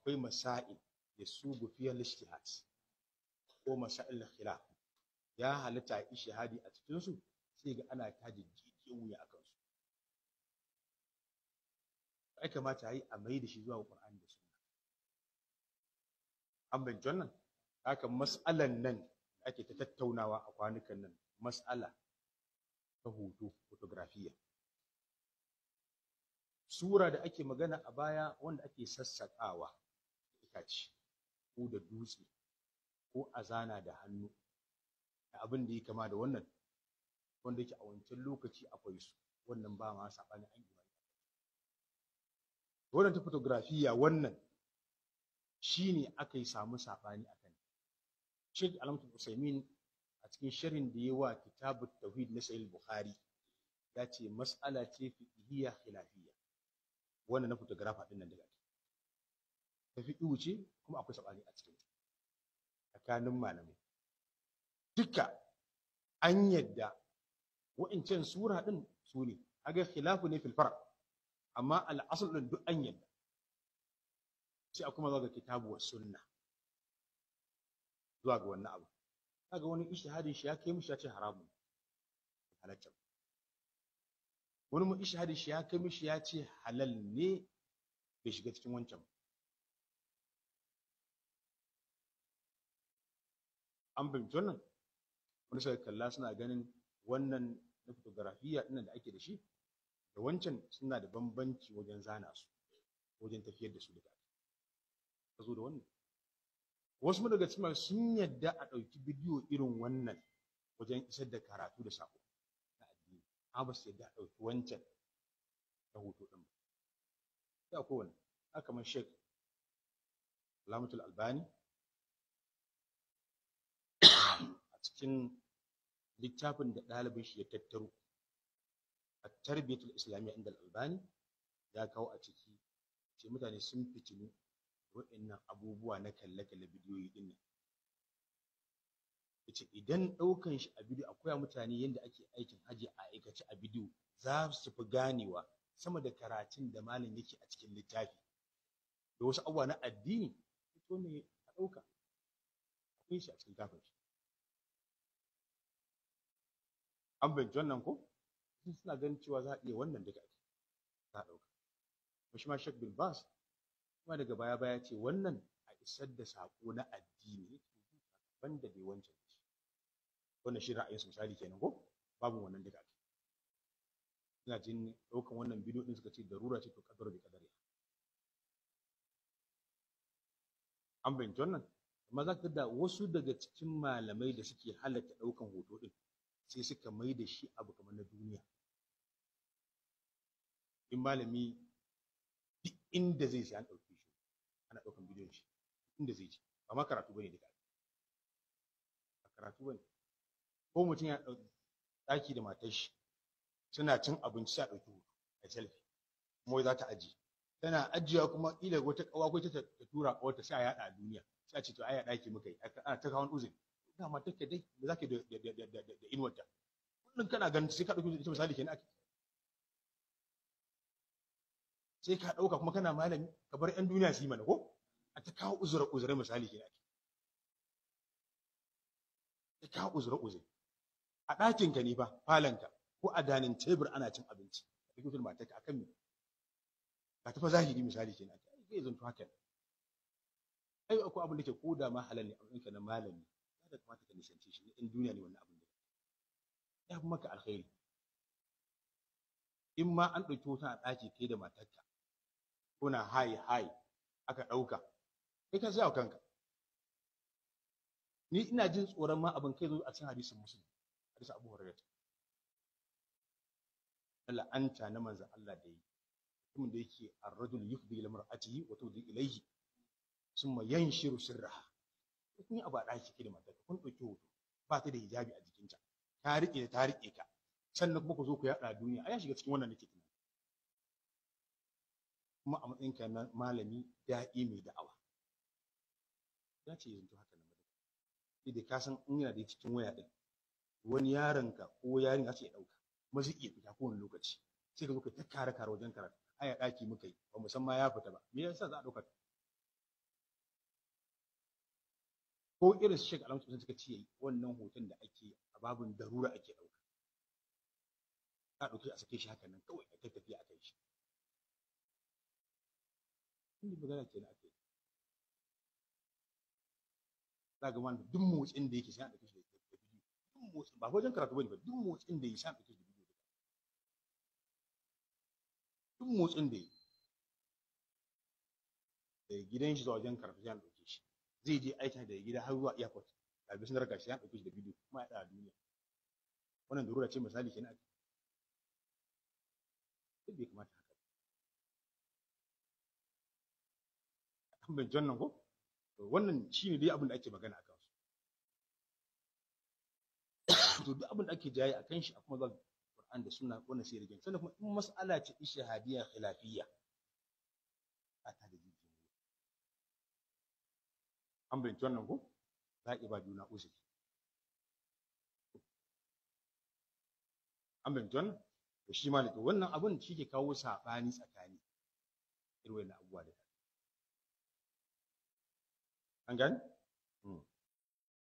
akwai masa'il ya su gufiyar lishtihat ko masa'il khilaf ya halitta a ishihadi a cikinsu sai ga ana tajin ya wuya a kansu ya kamata a yi a mai da shi zuwa ƙwar'an da suna an bai nan haka mas'alan nan ake ta tattaunawa a kwanukan nan mas'ala ta hoto fotografiya sura da ake magana a baya wanda ake sassaƙawa itace ko da dutse ko a zana da hannu da abin da ya kama da wannan wanda yake a wancan lokaci akwai su wannan ba ma saɓani an yi wannan ta fotografiya wannan ne aka yi samu saɓani a kan Sheikh Alamtul Usaimin a cikin shirin da ya wa kitabu tauhid na Sahih Bukhari ya ce mas'ala ce fiqhiyya lafiya wannan na fotografa din nan daga ta fiƙihu ce kuma akwai saɓani a cikin tsakanin malamai duka an yadda wa'incan sura ɗin su ne aga khilafu ne fil amma al'asul ɗin duk an yadda sai a kuma zuwa ga kitabu wa sunna zuwa ga wannan abu kaga wani ishtihadin shi ya kai mishi ya ce haramun halaccin wani mu ishtihadin shi ya kai mishi ya ce halal ne bai shiga cikin wancan an fahimci wannan wani suka kalla suna ganin wannan na fotografiya ɗinnan da ake da shi da wancan suna da bambanci wajen zana su wajen tafiyar da su da ka zo da wannan wasu daga cikin sun yadda a ɗauki bidiyo irin wannan wajen isar da karatu da sako na addini amma ba su yadda a ɗauki wancan na hoto ɗin ba sai kowane? A haka man shek lamatul Albani cikin littafin da ɗalibin shi ya tattaro a tarbiyatul islamiyya inda albani ya kawo a ciki ce mutane sun fitilu wa'annan abubuwa na kalle-kalle bidiyoyi din nan yace idan ɗaukan shi a bidiyo akwai mutane yadda ake aikin haji a aikace a bidiyo za su fi ganewa sama da karatun da malam yake a cikin littafi da wasu abubuwa na addini ito ne a ɗauka shi a cikin kafin shi an fahimci wannan ko sun suna ganin cewa za a iya wannan duka ake za a shi ma shek bin bas kuma daga baya baya ce wannan a isar da sako na addini banda bai wancan shi wannan shi ra'ayinsu misali kenan ko babu wannan duka ake ina jin ɗaukan wannan bidiyo ɗin suka ce darura ce to kadar da kadar an fahimci wannan amma za ka da wasu daga cikin malamai da suke halatta ɗaukan hoto ɗin sai suka mai da shi abu kamar na duniya in malami duk inda zai sai an ɗauke shi ana ɗaukan bidiyon shi inda zai ci ba ma karatu bane duka karatu bane ko mutum ya ɗaki da matar shi suna cin abinci sai a ɗauki hoto a selfie kuma za ta aji tana ajiya kuma ila wata kawa ko ta tura kawarta sai a yaɗa a duniya sai a ce to ai a ɗaki muka yi ana ta kawo uzuri ga matar ka dai da zake da da inuwarta kullum kana ganin sai ka dauki ita misali kenan sai ka dauka kuma kana malami ka bar yan duniya su yi mana ko a ta kawo uzura uzura misali kenan ake ta kawo uzura uzura a ɗakin ka ne fa falanka ko a danin tebur ana cin abinci a duk wutar matarka akan me ka tafi zahiri misali kenan ake zai zanto haka ai akwai abin da ke koda ma halal ne a ka na malami kada kamata ka nishance shi in duniya ne wannan abin da ya fi maka alkhairi in ma an ɗauki wutan a ɗaki kai da matarka kuna hai hai aka ɗauka kai ka wa kanka ni ina jin tsoron ma abin kai zo a cikin hadisin musulmi hadisin abu hurairah Allah na manzan Allah da yi mutumin da yake ar-rajul yufdi wato mar'atihi wa tudi ilayhi summa yanshiru sirraha kun yi abu a ɗaki ke da matar kun ɗauki hoto ba ta da hijabi a jikinta ta riƙe ta riƙe ka sannan kuma ku zo ku yaɗa duniya a ya shiga cikin wannan nake tunani kuma a matsayin ka na malami da'i mai da'awa ya ce yanzu haka na madadi sai dai ka san in yana da cikin waya ɗin wani yaron ka ko yarin ya ce ya ɗauka kuma zai iya fita kowane lokaci sai ka zo ka ta kare kare wajen karatu a ya ɗaki muka yi ba mu san ma ya fita ba me yasa za a ɗauka ko irin su shek alamtu suka ce wannan hoton da ake a babin darura ake ɗauka a ɗauke a sake shi haka nan kawai a kai tafiya a kai shi inda magana ke na ake yi za ga mana duk motsin da yake sai a ɗauke shi da bidiyo duk motsin ba wajen karatu bane ba duk motsin da yake sai a ɗauke shi da bidiyo duk motsin da yake daga gidan shi zuwa wajen karatu sai a zai je aiki da gida har zuwa airport ɗalibai sun raka shi ya ɗauki shi da bidiyo kuma ya ɗaya duniya wannan darura ce misali kenan duk bai kamata haka an bai nan ko wannan shi ne dai abin da ake magana a kansu to duk abin da ake jaye a kan shi a kuma zan Qur'an da suna wannan sai rigin sannan kuma in mas'ala ce ishahadiyya khilafiyya an bayyanta wannan ko za a iya ba juna uzuri an bayyanta wannan to shi ma wannan abun shi ke kawo saɓani tsakani irin wannan abubuwa da an gani.